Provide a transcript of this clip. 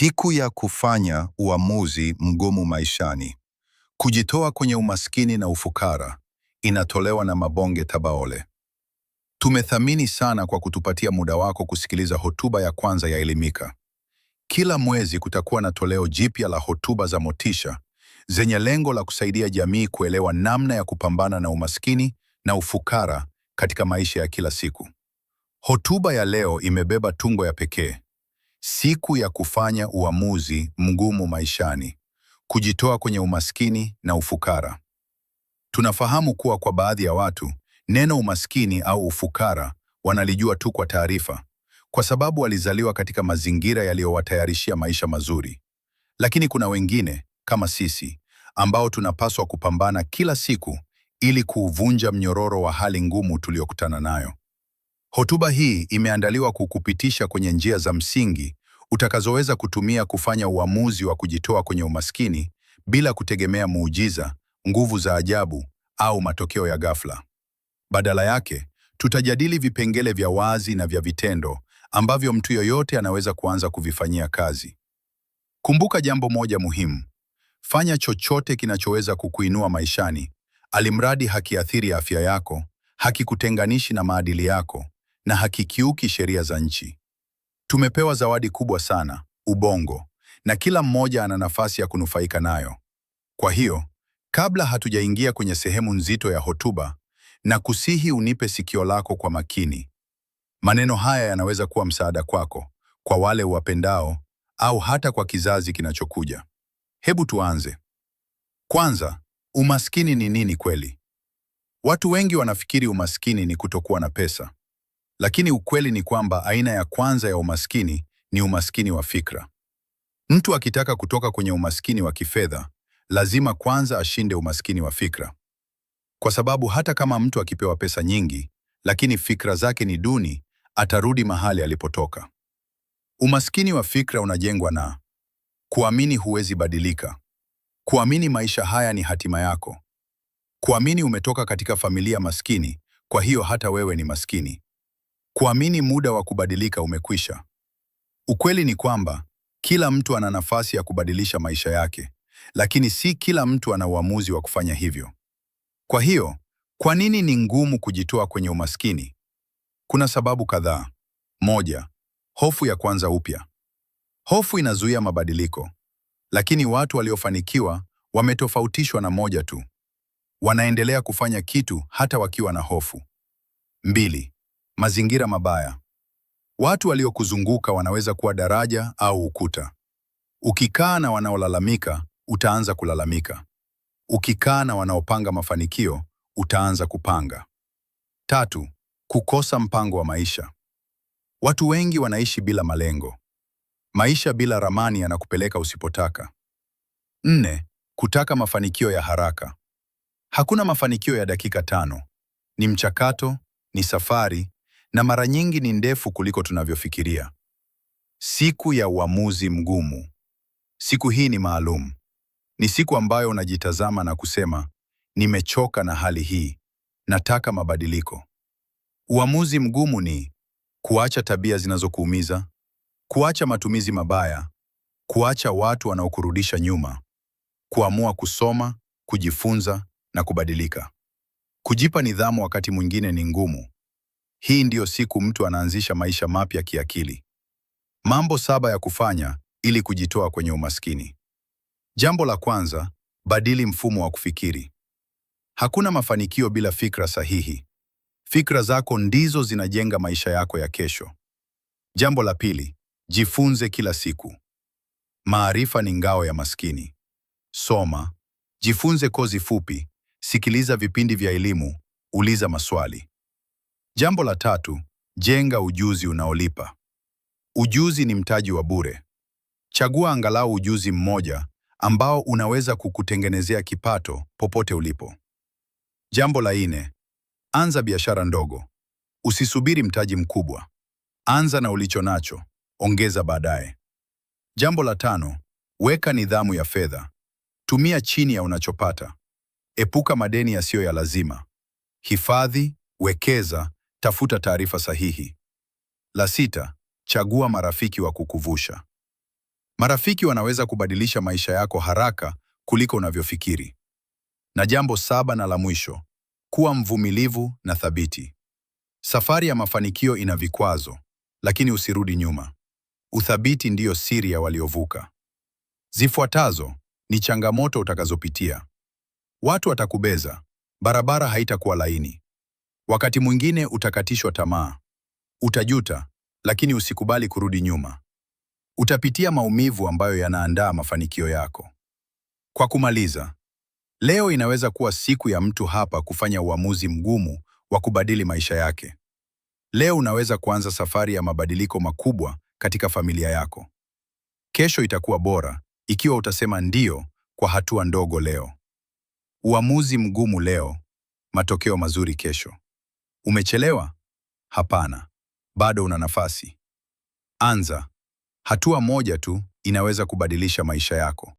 Siku ya kufanya uamuzi mgumu maishani. Kujitoa kwenye umaskini na ufukara inatolewa na Mabonge Tabaole. Tumethamini sana kwa kutupatia muda wako kusikiliza hotuba ya kwanza ya Elimika. Kila mwezi kutakuwa na toleo jipya la hotuba za motisha zenye lengo la kusaidia jamii kuelewa namna ya kupambana na umaskini na ufukara katika maisha ya kila siku. Hotuba ya leo imebeba tungo ya pekee siku ya kufanya uamuzi mgumu maishani, kujitoa kwenye umaskini na ufukara. Tunafahamu kuwa kwa baadhi ya watu neno umaskini au ufukara wanalijua tu kwa taarifa, kwa sababu walizaliwa katika mazingira yaliyowatayarishia maisha mazuri. Lakini kuna wengine kama sisi ambao tunapaswa kupambana kila siku ili kuuvunja mnyororo wa hali ngumu tuliyokutana nayo. Hotuba hii imeandaliwa kukupitisha kwenye njia za msingi utakazoweza kutumia kufanya uamuzi wa kujitoa kwenye umaskini bila kutegemea muujiza, nguvu za ajabu au matokeo ya ghafla. Badala yake, tutajadili vipengele vya wazi na vya vitendo ambavyo mtu yoyote anaweza kuanza kuvifanyia kazi. Kumbuka jambo moja muhimu. Fanya chochote kinachoweza kukuinua maishani, alimradi hakiathiri afya yako, hakikutenganishi na maadili yako na hakikiuki sheria za nchi. Tumepewa zawadi kubwa sana, ubongo, na kila mmoja ana nafasi ya kunufaika nayo. Kwa hiyo, kabla hatujaingia kwenye sehemu nzito ya hotuba, na kusihi unipe sikio lako kwa makini. Maneno haya yanaweza kuwa msaada kwako, kwa wale uwapendao, au hata kwa kizazi kinachokuja. Hebu tuanze. Kwanza, umaskini ni nini kweli? Watu wengi wanafikiri umaskini ni kutokuwa na pesa, lakini ukweli ni kwamba aina ya kwanza ya umaskini ni umaskini wa fikra. Mtu akitaka kutoka kwenye umaskini wa kifedha, lazima kwanza ashinde umaskini wa fikra. Kwa sababu hata kama mtu akipewa pesa nyingi, lakini fikra zake ni duni, atarudi mahali alipotoka. Umaskini wa fikra unajengwa na kuamini huwezi badilika, kuamini maisha haya ni hatima yako, kuamini umetoka katika familia maskini, kwa hiyo hata wewe ni maskini. Kuamini muda wa kubadilika umekwisha. Ukweli ni kwamba kila mtu ana nafasi ya kubadilisha maisha yake, lakini si kila mtu ana uamuzi wa kufanya hivyo. Kwa hiyo, kwa nini ni ngumu kujitoa kwenye umaskini? Kuna sababu kadhaa. Moja, hofu ya kwanza upya. Hofu inazuia mabadiliko, lakini watu waliofanikiwa wametofautishwa na moja tu: wanaendelea kufanya kitu hata wakiwa na hofu. Mbili, Mazingira mabaya. Watu waliokuzunguka wanaweza kuwa daraja au ukuta. Ukikaa na wanaolalamika, utaanza kulalamika. Ukikaa na wanaopanga mafanikio, utaanza kupanga. Tatu, kukosa mpango wa maisha. Watu wengi wanaishi bila malengo. Maisha bila ramani yanakupeleka usipotaka. Nne, kutaka mafanikio ya haraka. Hakuna mafanikio ya dakika tano. Ni mchakato, ni safari na mara nyingi ni ndefu kuliko tunavyofikiria. Siku ya uamuzi mgumu. Siku hii ni maalum. Ni siku ambayo unajitazama na kusema, nimechoka na hali hii, nataka mabadiliko. Uamuzi mgumu ni kuacha tabia zinazokuumiza, kuacha matumizi mabaya, kuacha watu wanaokurudisha nyuma, kuamua kusoma, kujifunza na kubadilika. Kujipa nidhamu wakati mwingine ni ngumu, hii ndiyo siku mtu anaanzisha maisha mapya kiakili. Mambo saba ya kufanya ili kujitoa kwenye umaskini. Jambo la kwanza, badili mfumo wa kufikiri. Hakuna mafanikio bila fikra sahihi. Fikra zako ndizo zinajenga maisha yako ya kesho. Jambo la pili, jifunze kila siku. Maarifa ni ngao ya maskini. Soma, jifunze kozi fupi, sikiliza vipindi vya elimu, uliza maswali. Jambo la tatu, jenga ujuzi unaolipa. Ujuzi ni mtaji wa bure. Chagua angalau ujuzi mmoja ambao unaweza kukutengenezea kipato popote ulipo. Jambo la nne, anza biashara ndogo. Usisubiri mtaji mkubwa. Anza na ulicho nacho, ongeza baadaye. Jambo la tano, weka nidhamu ya fedha. Tumia chini ya unachopata. Epuka madeni yasiyo ya lazima. Hifadhi, wekeza tafuta taarifa sahihi. La sita, chagua marafiki wa kukuvusha. Marafiki wanaweza kubadilisha maisha yako haraka kuliko unavyofikiri. Na jambo saba na la mwisho, kuwa mvumilivu na thabiti. Safari ya mafanikio ina vikwazo, lakini usirudi nyuma. Uthabiti ndiyo siri ya waliovuka. Zifuatazo ni changamoto utakazopitia. Watu watakubeza, barabara haitakuwa laini, Wakati mwingine utakatishwa tamaa, utajuta, lakini usikubali kurudi nyuma. Utapitia maumivu ambayo yanaandaa mafanikio yako. Kwa kumaliza, leo inaweza kuwa siku ya mtu hapa kufanya uamuzi mgumu wa kubadili maisha yake. Leo unaweza kuanza safari ya mabadiliko makubwa katika familia yako. Kesho itakuwa bora ikiwa utasema ndiyo kwa hatua ndogo leo. Uamuzi mgumu leo, matokeo mazuri kesho. Umechelewa? Hapana, bado una nafasi. Anza. Hatua moja tu inaweza kubadilisha maisha yako.